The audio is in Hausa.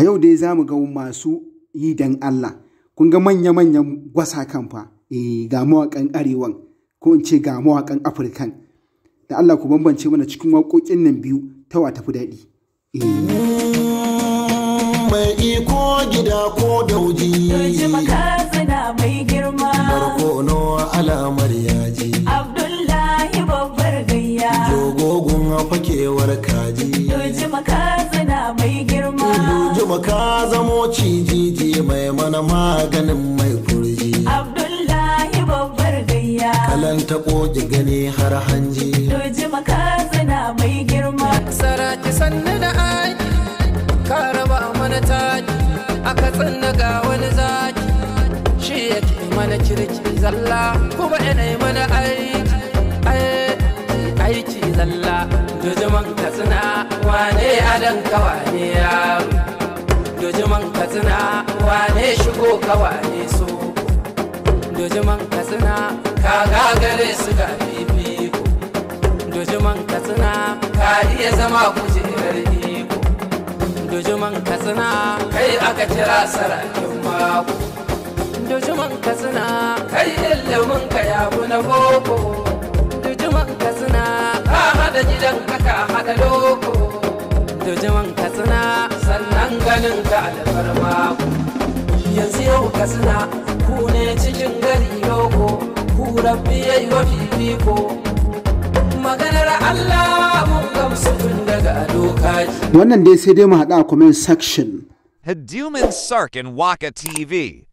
a yau dai za mu ga masu yi dan Allah kun ga manya-manyan gwasa kan fa eh ga mawaƙan arewan ko in ce ga mawakan afirkan da Allah ku bambance mana cikin waƙoƙin nan biyu ta wa tafi daɗi eh. mai iko gida ko dauji mai girma barko alamar al'amariya kuma ka zamo cijiji mai mana maganin mai kurji abdullahi babbar gayya kalan ta gani har hanji doji makazana mai girma saraki sannu da aiki ka raba mana taki aka tsanna ga wani zaki shi yake mana kirki zalla kuma yanayi mana aiki aiki zalla doji man wane adan kawane dojiman katsina wane shigo ka wane so dojiman katsina ka gagare su ga ko dojiman katsina ka iya zama kujerar iko dojiman katsina kai aka kira sarakin mako dojiman katsina kai ilimin ka yabu na boko dojiman katsina ka hada gidan ka ka hada loko dojiman ganin ka alfarma yanzu yau ka suna ku ne cikin gari loko ku rabbi ya yi wa fifiko maganar Allah mun gamsu tun daga dokaji wannan dai sai dai mu haɗa a comment section Haduman Sark and Waka TV